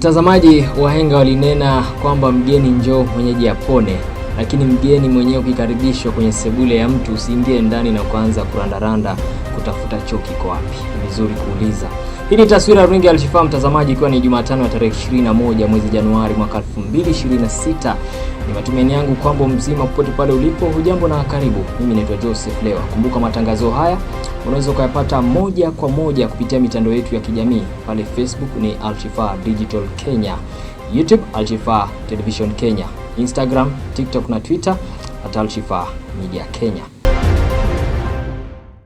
Mtazamaji, wahenga walinena kwamba mgeni njoo mwenyeji apone, lakini mgeni mwenyewe ukikaribishwa kwenye sebule ya mtu usiingie ndani na kuanza kurandaranda kutafuta choo kiko wapi. Ni vizuri kuuliza. Hii ni taswira runinga ya Alshifaa, mtazamaji, ikiwa ni Jumatano ya tarehe 21 mwezi Januari mwaka 2026. Ni matumaini yangu kwamba mzima popote pale ulipo, hujambo na karibu. Mimi naitwa Joseph Lewa. Kumbuka matangazo haya unaweza ukayapata moja kwa moja kupitia mitandao yetu ya kijamii pale Facebook ni Alshifaa Digital Kenya, YouTube Alshifaa Television Kenya, Instagram, TikTok na Twitter at Alshifaa Media Kenya.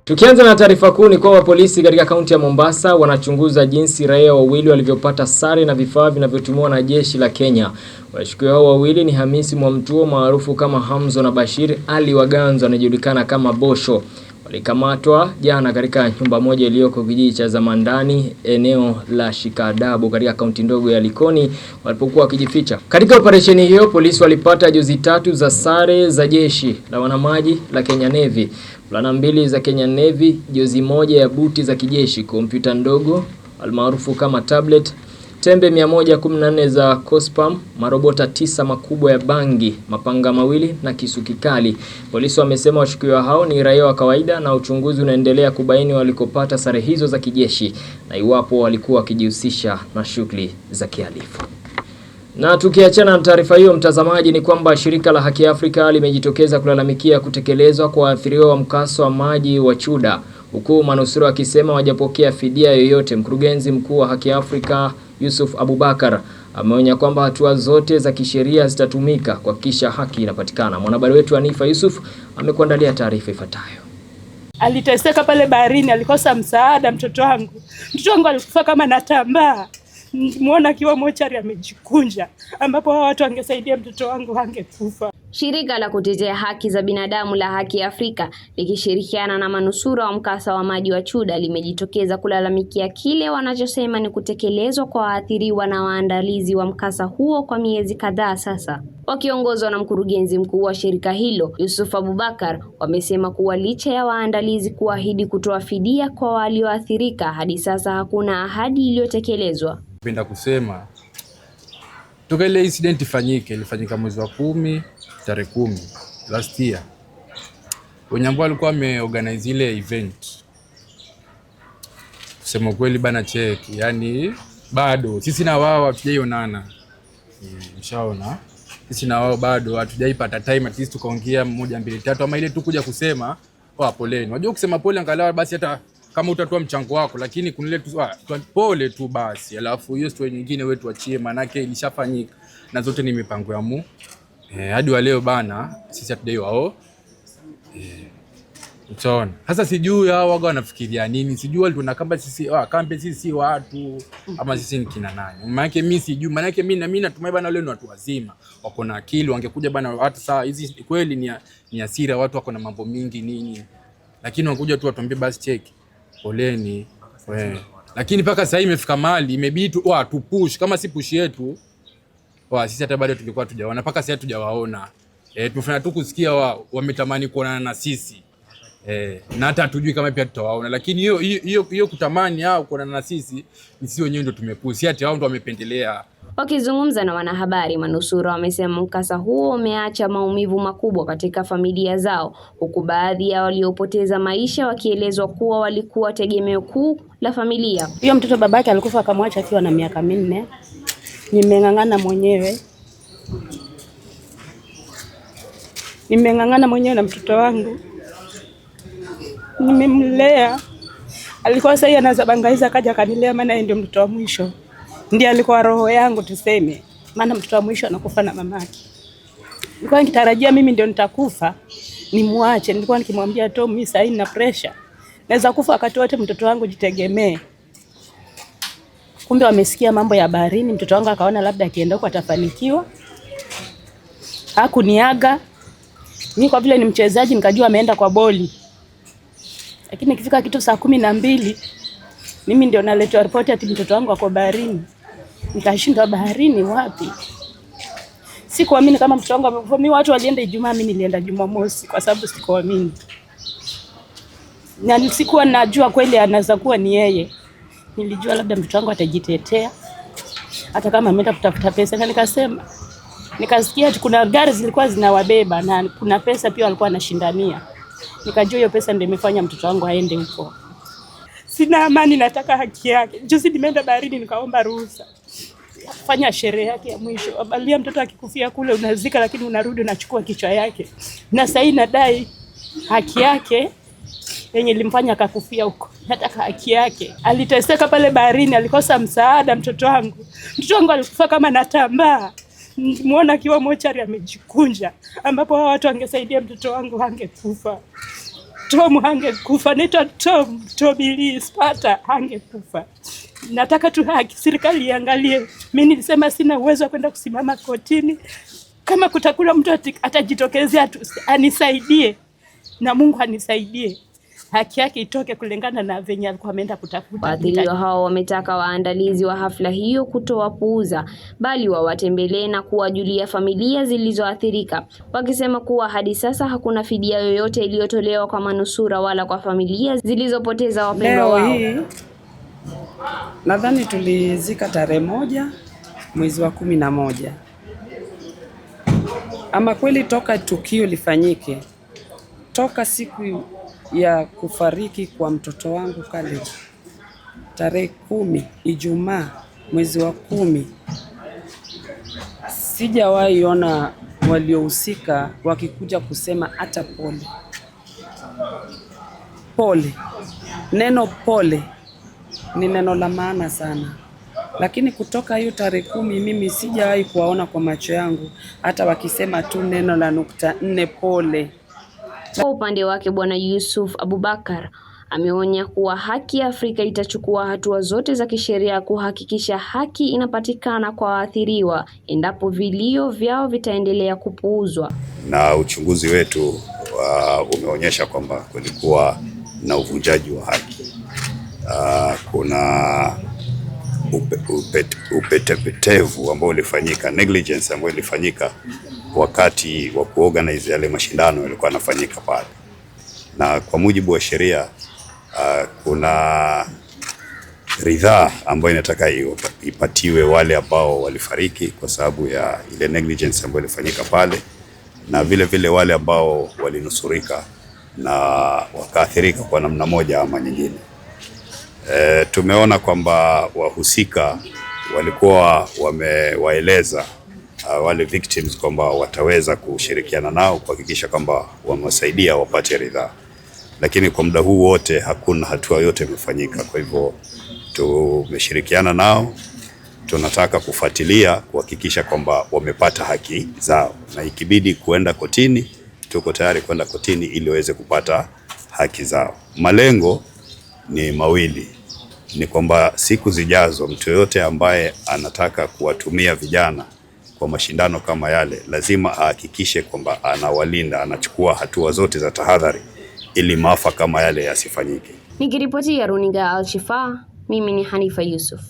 Tukianza na taarifa kuu ni kwamba polisi katika kaunti ya Mombasa wanachunguza jinsi raia wawili walivyopata sare na vifaa vinavyotumiwa na jeshi la Kenya. Washukiwa hao wawili ni Hamisi Mwamtuo maarufu kama Hamzo na Bashir Ali Waganzo anayejulikana kama Bosho walikamatwa jana katika nyumba moja iliyoko kijiji cha Zamandani eneo la Shikadabu katika kaunti ndogo ya Likoni walipokuwa wakijificha. Katika operesheni hiyo polisi walipata jozi tatu za sare za jeshi la wanamaji la Kenya Navy, fulana mbili za Kenya Navy, jozi moja ya buti za kijeshi, kompyuta ndogo almaarufu kama tablet tembe 114 za Cospam, marobota tisa makubwa ya bangi, mapanga mawili na kisu kikali. Polisi wamesema washukiwa hao ni raia wa kawaida na uchunguzi unaendelea kubaini walikopata sare hizo za kijeshi na iwapo walikuwa wakijihusisha na shughuli za kihalifu. Na tukiachana na taarifa hiyo, mtazamaji, ni kwamba shirika la Haki Afrika limejitokeza kulalamikia kutekelezwa kwa waathiriwa wa mkasa wa maji wa Chuda, huku manusura wakisema wajapokea fidia yoyote. Mkurugenzi mkuu wa Haki Afrika Yusuf Abubakar ameonya kwamba hatua zote za kisheria zitatumika kuhakikisha haki inapatikana. Mwanahabari wetu anifa Yusuf amekuandalia taarifa ifuatayo. Aliteseka pale baharini, alikosa msaada. Mtoto wangu mtoto wangu alikufa kama natambaa muona akiwa mochari amejikunja, ambapo hawa watu wangesaidia mtoto wangu angekufa. Shirika la kutetea haki za binadamu la Haki Afrika likishirikiana na manusura wa mkasa wa maji wa Chuda limejitokeza kulalamikia kile wanachosema ni kutekelezwa kwa waathiriwa na waandalizi wa mkasa huo kwa miezi kadhaa sasa. Wakiongozwa na mkurugenzi mkuu wa shirika hilo Yusuf Abubakar, wamesema kuwa licha ya waandalizi kuahidi kutoa fidia kwa walioathirika, hadi sasa hakuna ahadi iliyotekelezwa. Napenda kusema toka ile incident ifanyike, ilifanyika mwezi wa kumi tarehe kumi last year, wenye ambao walikuwa wameorganize ile event, kusema kweli bana, cheki yani bado sisi na wao hatujaionana, mm, mshaona sisi na wao bado hatujaipata time at least tukaongea moja mbili tatu, ama ile tu kuja kusema oh, poleni. Unajua kusema pole angalau basi hata kama utatoa mchango wako, lakini kunile tu, ah, pole tu basi, alafu hiyo story nyingine wewe tuachie, manake ilishafanyika na zote ni mipango ya Mungu. Eh, hadi wa leo bana, sisi hatudai wao. Eh, utaona sasa, sijui hao waga wanafikiria nini, sijui walituna kama sisi ah, kambe sisi watu ama sisi ni kina nani? Maana yake mimi sijui, maana yake mimi na mimi natumai bana, leo ni watu wazima wako na akili, wangekuja bana, hata saa hizi kweli ni ni asira, watu wako na mambo mingi nini, lakini wangekuja tu watuambie basi cheki poleni. Lakini mpaka sasa imefika mahali imebidi wa tupush, kama si push yetu wa sisi hata bado tulikuwa tujaona mpaka sasa tujawaona. e, tumefanya tu kusikia wametamani kuonana na sisi e, na hata tujui kama pia tutawaona, lakini hiyo hiyo kutamani au kuonana na sisi, ni sisi wenyewe ndio tumepush, hata ati wao ndio wamependelea Wakizungumza na wanahabari, manusura wamesema mkasa huo umeacha maumivu makubwa katika familia zao, huku baadhi ya waliopoteza maisha wakielezwa kuwa walikuwa tegemeo kuu la familia. Hiyo mtoto babake alikufa akamwacha akiwa na miaka minne. Nimeng'ang'ana mwenyewe nimeng'ang'ana mwenyewe na mtoto wangu nimemlea, alikuwa sahii anazabangaiza, akaja akanilea, maana yeye ndio mtoto wa mwisho ndiye alikuwa roho yangu tuseme, maana mtoto wa mwisho anakufa na mamake. Nilikuwa nikitarajia mimi ndio nitakufa nimwache. Nilikuwa nikimwambia Tom, mimi sasa nina pressure, naweza kufa wakati wote, mtoto wangu jitegemee. Kumbe wamesikia mambo ya baharini, mtoto wangu akaona labda akienda huko atafanikiwa. Hakuniaga mimi, kwa vile ni mchezaji, nikajua ameenda kwa boli, lakini ikifika kitu saa kumi na mbili mimi ndio naletewa ripoti ati mtoto wangu ako baharini nikashindwa baharini wapi. Sikuamini kama mtu wangu amevua. Watu walienda Ijumaa, mimi nilienda Jumamosi kwa sababu sikuamini, na sikuwa najua kweli anaweza kuwa ni yeye. Nilijua labda mtoto wangu atajitetea hata kama ameenda kutafuta pesa, na nikasema nikasikia kuna gari zilikuwa zinawabeba na kuna pesa pia walikuwa wanashindania. Nikajua hiyo pesa ndio imefanya mtoto wangu aende huko. Sina amani, nataka haki yake. Juzi nimeenda baharini nikaomba ruhusa fanya sherehe yake ya mwisho, abalia mtoto akikufia kule unazika, lakini unarudi unachukua kichwa yake, na sasa nadai haki yake yenye ilimfanya akakufia huko, nataka haki yake. Aliteseka pale baharini, alikosa msaada. Mtoto wangu, mtoto wangu alikufa kama natambaa muona akiwa mochari amejikunja, ambapo hawa watu wangesaidia mtoto wangu angekufa. Tom angekufa, naitwa Tom Tobilis Pata nataka tu haki, serikali iangalie. Mimi nilisema sina uwezo wa kwenda kusimama kotini. Kama kutakula mtu atajitokezea tu anisaidie, na Mungu anisaidie haki yake itoke kulingana na venye alikuwa ameenda kutafuta. Waathiriwa hao wametaka waandalizi wa hafla hiyo kutowapuuza, bali wawatembelee na kuwajulia familia zilizoathirika, wakisema kuwa hadi sasa hakuna fidia yoyote iliyotolewa kwa manusura wala kwa familia zilizopoteza wapendwa wao. Nadhani tulizika tarehe moja mwezi wa kumi na moja. Ama kweli toka tukio lifanyike, toka siku ya kufariki kwa mtoto wangu Kale tarehe kumi Ijumaa mwezi wa kumi, sijawahi ona waliohusika wakikuja kusema hata pole pole, neno pole ni neno la maana sana, lakini kutoka hiyo tarehe kumi mimi sijawahi kuwaona kwa macho yangu, hata wakisema tu neno la nukta nne pole. Kwa upande wake Bwana Yusuf Abubakar ameonya kuwa Haki ya Afrika itachukua hatua zote za kisheria kuhakikisha haki inapatikana kwa waathiriwa endapo vilio vyao vitaendelea kupuuzwa. Na uchunguzi wetu uh, umeonyesha kwamba kulikuwa na uvunjaji wa haki uh, kuna upe, upet, upetepetevu ambao ulifanyika, negligence ambayo ilifanyika wakati wa kuorganize yale mashindano yalikuwa yanafanyika pale, na kwa mujibu wa sheria uh, kuna ridhaa ambayo inataka ipatiwe wale ambao walifariki kwa sababu ya ile negligence ambayo ilifanyika pale, na vile vile wale ambao walinusurika na wakaathirika kwa namna moja ama nyingine. E, tumeona kwamba wahusika walikuwa wamewaeleza uh, wale victims kwamba wataweza kushirikiana nao kuhakikisha kwamba wamewasaidia wapate ridhaa, lakini kwa muda huu wote hakuna hatua yote imefanyika. Kwa hivyo tumeshirikiana nao, tunataka kufuatilia kuhakikisha kwamba wamepata haki zao, na ikibidi kuenda kotini, tuko tayari kwenda kotini ili waweze kupata haki zao. Malengo ni mawili, ni kwamba siku zijazo mtu yoyote ambaye anataka kuwatumia vijana kwa mashindano kama yale lazima ahakikishe kwamba anawalinda, anachukua hatua zote za tahadhari ili maafa kama yale yasifanyike. Nikiripoti ya runinga Alshifa, mimi ni Hanifa Yusuf.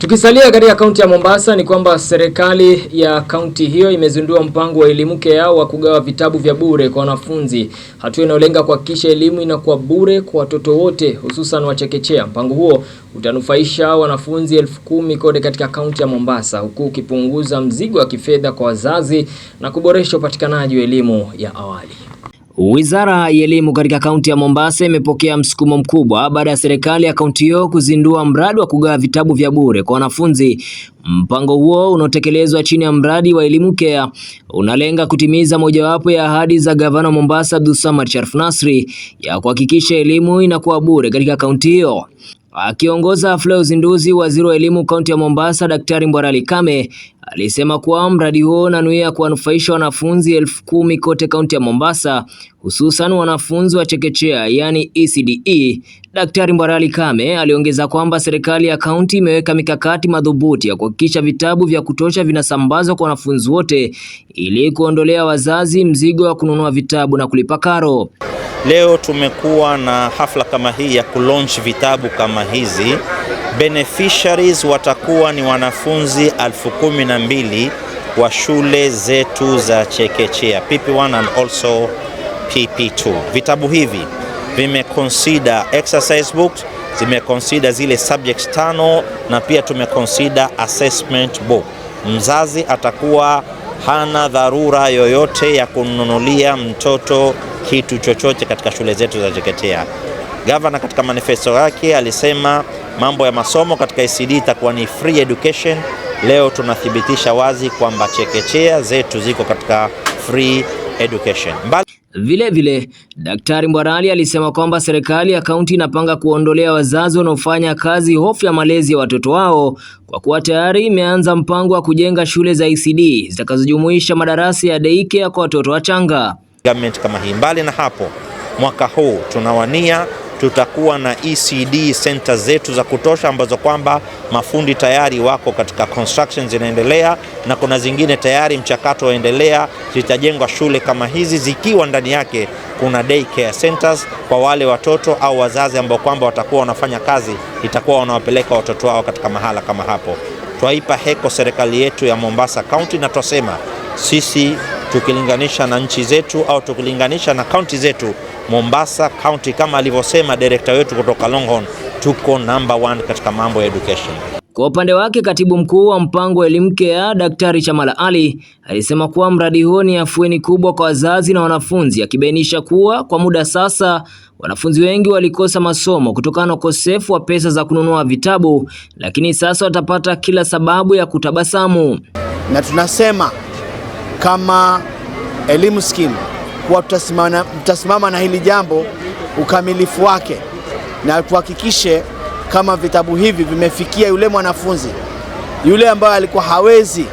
Tukisalia katika kaunti ya Mombasa ni kwamba serikali ya kaunti hiyo imezindua mpango wa elimu Yao wa kugawa vitabu vya bure kwa wanafunzi, hatua inayolenga kuhakikisha elimu inakuwa bure kwa watoto wote, hususan wachekechea. Mpango huo utanufaisha wanafunzi elfu kumi kote katika kaunti ya Mombasa, huku ukipunguza mzigo wa kifedha kwa wazazi na kuboresha upatikanaji wa elimu ya awali. Wizara ya Elimu katika kaunti ya Mombasa imepokea msukumo mkubwa baada ya serikali ya kaunti hiyo kuzindua mradi wa kugawa vitabu vya bure kwa wanafunzi. Mpango huo unaotekelezwa chini ya mradi wa Elimu Care unalenga kutimiza mojawapo ya ahadi za gavana Mombasa Abdulswamad Sharif Nasri ya kuhakikisha elimu inakuwa bure katika kaunti hiyo. Akiongoza hafla ya uzinduzi, waziri wa elimu kaunti ya Mombasa Daktari Mbwarali Kame Alisema kuwa mradi huo unanuia kuwanufaisha wanafunzi elfu kumi kote kaunti ya Mombasa, hususan wanafunzi wa chekechea yani ECDE. E. Daktari Mbarali Kame aliongeza kwamba serikali ya kaunti imeweka mikakati madhubuti ya kuhakikisha vitabu vya kutosha vinasambazwa kwa wanafunzi wote ili kuondolea wazazi mzigo wa kununua vitabu na kulipa karo. Leo tumekuwa na hafla kama hii ya kulaunch vitabu kama hizi. Beneficiaries watakuwa ni wanafunzi elfu kumi 12 wa shule zetu za chekechea PP1 and also PP2. Vitabu hivi vimekonsida exercise books, zimekonsida zile subjects tano na pia tumekonsida assessment book. Mzazi atakuwa hana dharura yoyote ya kununulia mtoto kitu chochote katika shule zetu za chekechea. Gavana katika manifesto yake alisema mambo ya masomo katika ECD itakuwa ni free education Leo tunathibitisha wazi kwamba chekechea zetu ziko katika free education. Mbali vilevile Daktari Mbwarali alisema kwamba serikali ya kaunti inapanga kuondolea wazazi wanaofanya kazi hofu ya malezi ya watoto wao kwa kuwa tayari imeanza mpango wa kujenga shule za ECD zitakazojumuisha madarasa ya daycare kwa watoto wachanga. Government kama hii. Mbali na hapo, mwaka huu tunawania tutakuwa na ECD center zetu za kutosha ambazo kwamba mafundi tayari wako katika construction zinaendelea, na kuna zingine tayari mchakato waendelea. Zitajengwa shule kama hizi zikiwa ndani yake kuna day care centers kwa wale watoto au wazazi ambao kwamba watakuwa wanafanya kazi, itakuwa wanawapeleka watoto wao katika mahala kama hapo. Twaipa heko serikali yetu ya Mombasa County na twasema sisi tukilinganisha na nchi zetu au tukilinganisha na kaunti zetu. Mombasa kaunti kama alivyosema direkta wetu kutoka Longhorn, tuko number one katika mambo ya education. Kwa upande wake katibu mkuu wa mpango wa elimu KEA Daktari Chamala Ali alisema kuwa mradi huo ni afueni kubwa kwa wazazi na wanafunzi, akibainisha kuwa kwa muda sasa wanafunzi wengi walikosa masomo kutokana na ukosefu wa pesa za kununua vitabu, lakini sasa watapata kila sababu ya kutabasamu, na tunasema kama elimu skimu kuwa tutasimama na hili jambo ukamilifu wake na tuhakikishe kama vitabu hivi vimefikia yule mwanafunzi yule ambaye alikuwa hawezi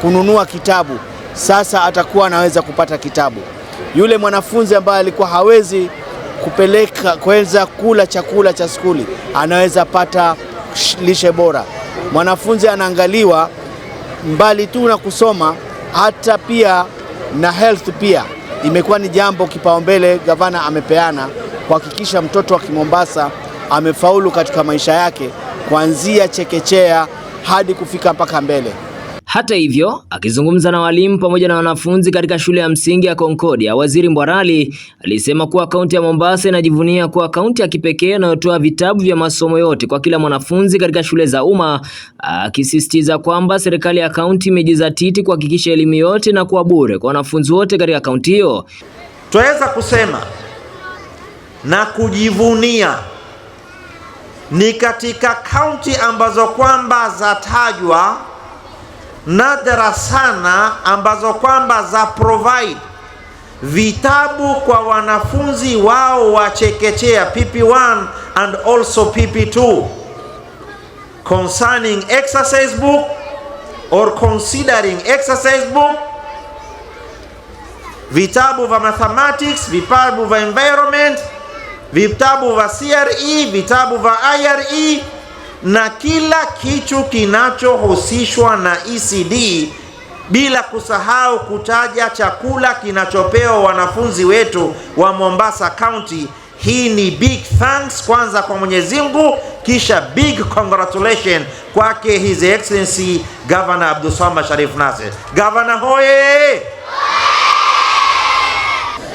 kununua kitabu, sasa atakuwa anaweza kupata kitabu. Yule mwanafunzi ambaye alikuwa hawezi kupeleka kuweza kula chakula cha skuli, anaweza pata lishe bora. Mwanafunzi anaangaliwa mbali tu na kusoma hata pia na health pia imekuwa ni jambo kipaumbele. Gavana amepeana kuhakikisha mtoto wa Kimombasa amefaulu katika maisha yake kuanzia chekechea hadi kufika mpaka mbele. Hata hivyo, akizungumza na walimu pamoja na wanafunzi katika shule ya msingi ya Concordia, Waziri Mbwarali alisema kuwa kaunti ya Mombasa inajivunia kuwa kaunti ya kipekee inayotoa vitabu vya masomo yote kwa kila mwanafunzi katika shule za umma, akisisitiza kwamba serikali ya kaunti imejizatiti kuhakikisha elimu yote na kuwa bure kwa wanafunzi wote katika kaunti hiyo. tunaweza kusema na kujivunia ni katika kaunti ambazo kwamba zatajwa nadra sana ambazo kwamba za provide vitabu kwa wanafunzi wao wa chekechea PP1 and also PP2 concerning exercise book or considering exercise book, vitabu vya mathematics, vitabu vya environment, vitabu vya CRE, vitabu vya IRE na kila kitu kinachohusishwa na ECD bila kusahau kutaja chakula kinachopewa wanafunzi wetu wa Mombasa County. Hii ni big thanks kwanza kwa Mwenyezi Mungu, kisha big congratulation kwake His Excellency Governor Abdulswamad Sharif Nassir. Governor hoye!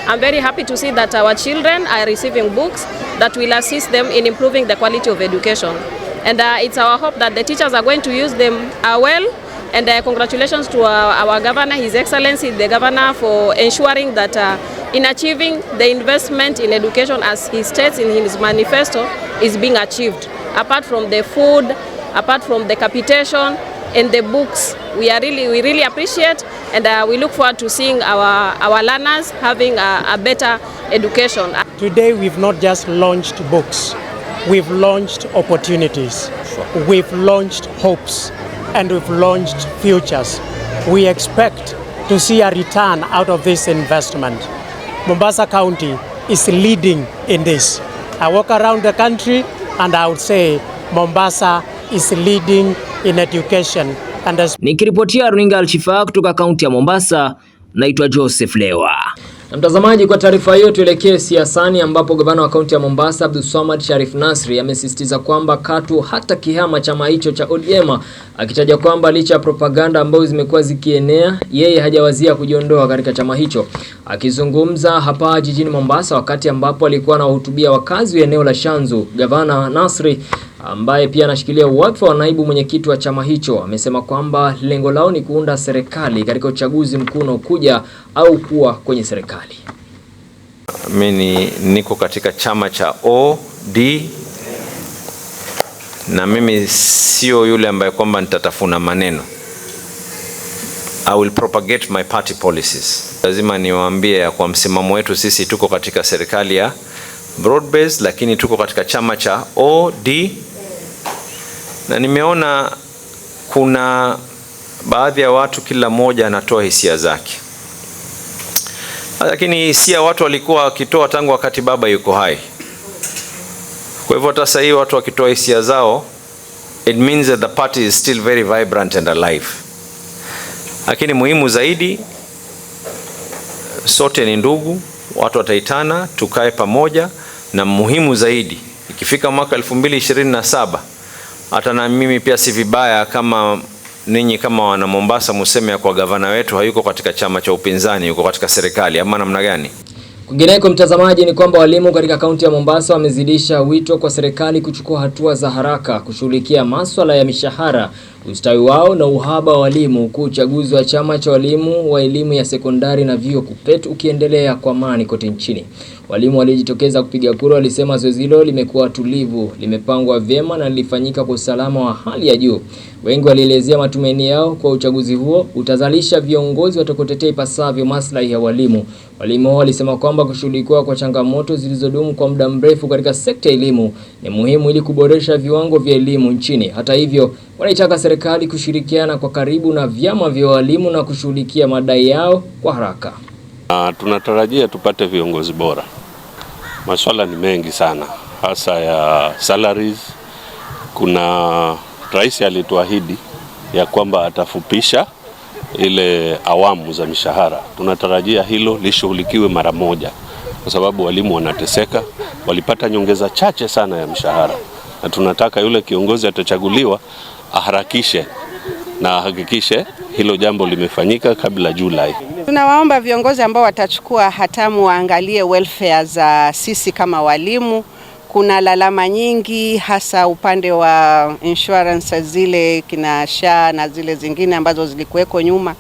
I'm very happy to see that our children are receiving books that will assist them in improving the quality of education and uh, it's our hope that the teachers are going to use them uh, well and uh, congratulations to our, uh, our governor his excellency the governor for ensuring that uh, in achieving the investment in education as he states in his manifesto is being achieved apart from the food apart from the capitation and the books we are really we really appreciate and uh, we look forward to seeing our our learners having a, a better education today we've not just launched books We've launched opportunities. We've launched hopes and we've launched futures. We expect to see a return out of this investment. Mombasa County is leading in this. I walk around the country and I would say Mombasa is leading in education. Nikiripotia runinga Alshifaa kutoka kaunti ya Mombasa, naitwa Joseph Lewa. Na mtazamaji, kwa taarifa hiyo tuelekee siasani, ambapo gavana wa kaunti ya Mombasa Abdulswamad Sharif Nasri amesisitiza kwamba katu hata kihama chama hicho cha ODM, akitaja kwamba licha ya propaganda ambayo zimekuwa zikienea, yeye hajawazia kujiondoa katika chama hicho. Akizungumza hapa jijini Mombasa wakati ambapo alikuwa anawahutubia wakazi wa eneo la Shanzu, gavana Nasri ambaye pia anashikilia wadhifa wa naibu mwenyekiti wa chama hicho amesema kwamba lengo lao ni kuunda serikali katika uchaguzi mkuu unaokuja au kuwa kwenye serikali. Mimi niko katika chama cha OD na mimi sio yule ambaye kwamba nitatafuna maneno. I will propagate my party policies. Lazima niwaambie ya kwa msimamo wetu sisi tuko katika serikali ya broad base, lakini tuko katika chama cha OD na nimeona kuna baadhi ya watu kila mmoja anatoa hisia zake, lakini hisia watu walikuwa wakitoa tangu wakati baba yuko hai. Kwa hivyo hata sasa watu wakitoa hisia zao, it means that the party is still very vibrant and alive. Lakini muhimu zaidi, sote ni ndugu, watu wataitana, tukae pamoja na muhimu zaidi, ikifika mwaka 2027 hata na mimi pia si vibaya kama ninyi kama wana Mombasa museme ya kwa gavana wetu hayuko katika chama cha upinzani, yuko katika serikali ama namna gani? Kwingineko mtazamaji, ni kwamba walimu katika kaunti ya Mombasa wamezidisha wito kwa serikali kuchukua hatua za haraka kushughulikia masuala ya mishahara ustawi wao na uhaba wa walimu, huku uchaguzi wa chama cha walimu wa elimu ya sekondari na vyuo KUPPET ukiendelea kwa amani kote nchini. Walimu waliojitokeza kupiga kura walisema zoezi hilo limekuwa tulivu, limepangwa vyema na lilifanyika kwa usalama wa hali ya juu. Wengi walielezea matumaini yao kwa uchaguzi huo utazalisha viongozi watakaotetea ipasavyo maslahi ya walimu, Walimu hao walisema kwamba kushughulikiwa kwa changamoto zilizodumu kwa muda mrefu katika sekta ya elimu ni muhimu ili kuboresha viwango vya elimu nchini. Hata hivyo, wanaitaka serikali kushirikiana kwa karibu na vyama vya walimu na kushughulikia madai yao kwa haraka. A, ah, tunatarajia tupate viongozi bora. Masuala ni mengi sana, hasa ya salaries. Kuna rais alituahidi ya kwamba atafupisha ile awamu za mishahara. Tunatarajia hilo lishughulikiwe mara moja, kwa sababu walimu wanateseka, walipata nyongeza chache sana ya mshahara, na tunataka yule kiongozi atachaguliwa aharakishe na ahakikishe hilo jambo limefanyika kabla Julai. Tunawaomba viongozi ambao watachukua hatamu waangalie welfare za sisi kama walimu kuna lalama nyingi, hasa upande wa insurance zile kina SHA na zile zingine ambazo zilikuweko nyuma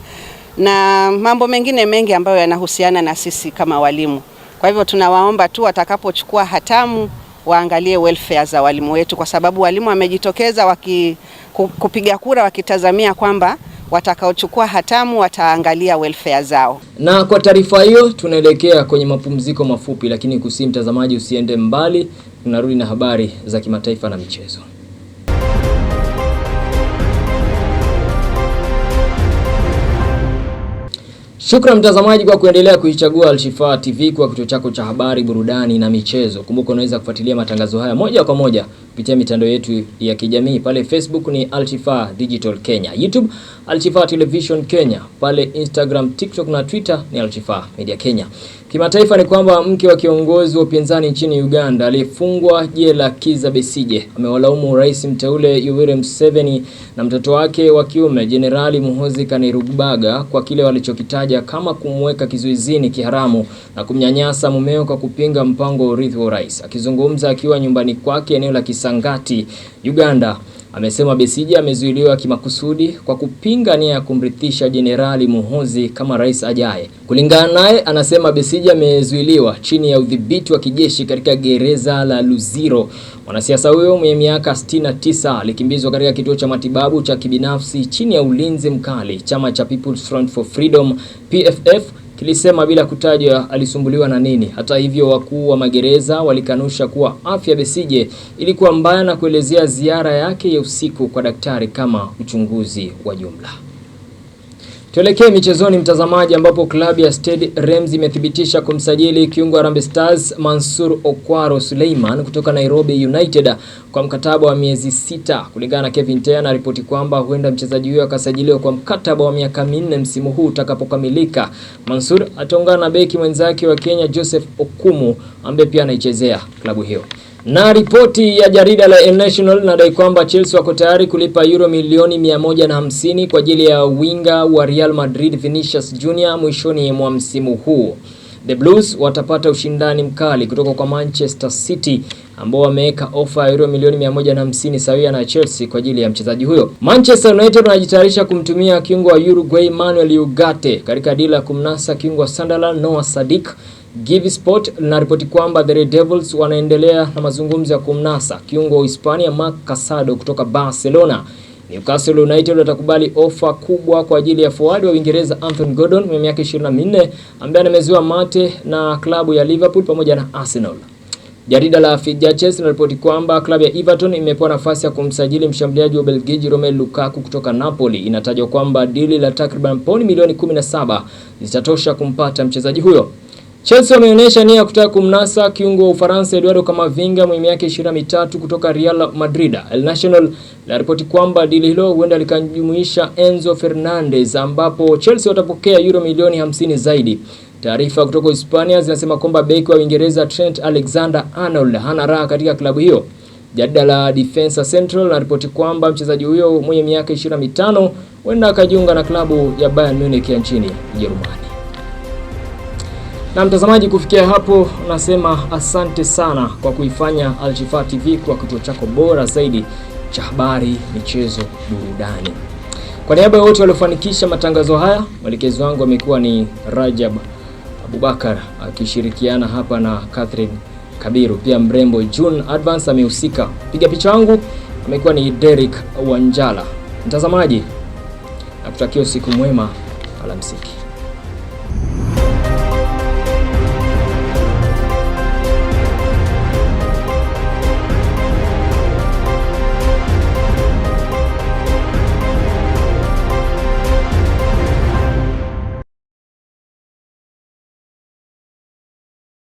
na mambo mengine mengi ambayo yanahusiana na sisi kama walimu. Kwa hivyo tunawaomba tu watakapochukua hatamu waangalie welfare za walimu wetu, kwa sababu walimu wamejitokeza waki, kupiga kura wakitazamia kwamba watakaochukua hatamu wataangalia welfare zao. Na kwa taarifa hiyo tunaelekea kwenye mapumziko mafupi, lakini kusii mtazamaji, usiende mbali tunarudi na habari za kimataifa na michezo. Shukran mtazamaji kwa kuendelea kuichagua Alshifa TV kwa kituo chako cha habari, burudani na michezo. Kumbuka unaweza kufuatilia matangazo haya moja kwa moja kupitia mitandao yetu ya kijamii pale Facebook ni Altifa Digital Kenya, YouTube Altifa Television Kenya, pale Instagram, TikTok na Twitter ni Altifa Media Kenya. Kimataifa ni kwamba mke wa kiongozi wa upinzani nchini Uganda aliyefungwa jela Kiza Besije amewalaumu rais mteule Yoweri Museveni na mtoto wake wa kiume Jenerali Muhoozi Kainerugaba kwa kile walichokitaja kama kumweka kizuizini kiharamu na kumnyanyasa mumeo kwa kupinga mpango wa urithi wa urais. Akizungumza akiwa nyumbani kwake eneo la Kisa Kisangati, Uganda, amesema Besigye amezuiliwa kimakusudi kwa kupinga nia ya kumrithisha Jenerali Muhoozi kama rais ajaye. Kulingana naye, anasema Besigye amezuiliwa chini ya udhibiti wa kijeshi katika gereza la Luziro. Mwanasiasa huyo mwenye miaka 69 alikimbizwa katika kituo cha matibabu cha kibinafsi chini ya ulinzi mkali. Chama cha People's Front for Freedom PFF Kilisema bila kutaja alisumbuliwa na nini. Hata hivyo, wakuu wa magereza walikanusha kuwa afya Besije ilikuwa mbaya na kuelezea ziara yake ya usiku kwa daktari kama uchunguzi wa jumla. Tuelekee michezoni mtazamaji, ambapo klabu ya Stade Reims imethibitisha kumsajili kiungo Harambee Stars Mansour Okwaro Suleiman kutoka Nairobi United kwa mkataba wa miezi sita. Kulingana na Kevin Tea na ripoti kwamba huenda mchezaji huyo akasajiliwa kwa mkataba wa miaka minne msimu huu utakapokamilika. Mansour ataungana na beki mwenzake wa Kenya Joseph Okumu ambaye pia anaichezea klabu hiyo. Na ripoti ya jarida la El National inadai kwamba Chelsea wako tayari kulipa euro milioni 150 kwa ajili ya winga wa Real Madrid Vinicius Junior mwishoni mwa msimu huu. The Blues watapata ushindani mkali kutoka kwa Manchester City ambao wameweka ofa ya euro milioni 150 sawia na Chelsea kwa ajili ya mchezaji huyo. Manchester United wanajitayarisha kumtumia kiungo wa Uruguay Manuel Ugarte katika dila ya kumnasa kiungo wa Sunderland Noah Sadik GiveSport linaripoti kwamba the Red Devils wanaendelea na mazungumzo ya kumnasa kiungo wa Hispania Marc Casado kutoka Barcelona. Newcastle United watakubali ofa kubwa kwa ajili ya forward wa Uingereza Anthony Gordon mwenye miaka 24 ambaye ameziwa mate na klabu ya Liverpool pamoja na Arsenal. Jarida la Fijaches linaripoti kwamba klabu ya Everton imepewa nafasi ya kumsajili mshambuliaji wa Belgiji Romelu Lukaku kutoka Napoli. Inatajwa kwamba dili la takriban poni milioni 17 zitatosha kumpata mchezaji huyo. Chelsea wameonyesha nia ya kutaka kumnasa kiungo wa Ufaransa Eduardo Camavinga mwenye miaka ishirini na mitatu kutoka Real Madrid. El National linaripoti kwamba dili hilo huenda likajumuisha Enzo Fernandez ambapo Chelsea watapokea euro milioni 50 zaidi. Taarifa kutoka Hispania zinasema kwamba beki wa Uingereza Trent Alexander-Arnold hana raha katika klabu hiyo. Jarida la Defensa Central linaripoti kwamba mchezaji huyo mwenye miaka 25 huenda akajiunga na klabu ya Bayern Munich ya nchini Ujerumani. Na mtazamaji, kufikia hapo nasema asante sana kwa kuifanya Alshifaa TV kwa kituo chako bora zaidi cha habari, michezo, burudani. Kwa niaba ya wote waliofanikisha matangazo haya, mwelekezi wangu amekuwa ni Rajab Abubakar akishirikiana hapa na Catherine Kabiru, pia mrembo June Advance amehusika. Piga picha wangu amekuwa ni Derek Wanjala. Mtazamaji, nakutakia usiku mwema, alamsiki.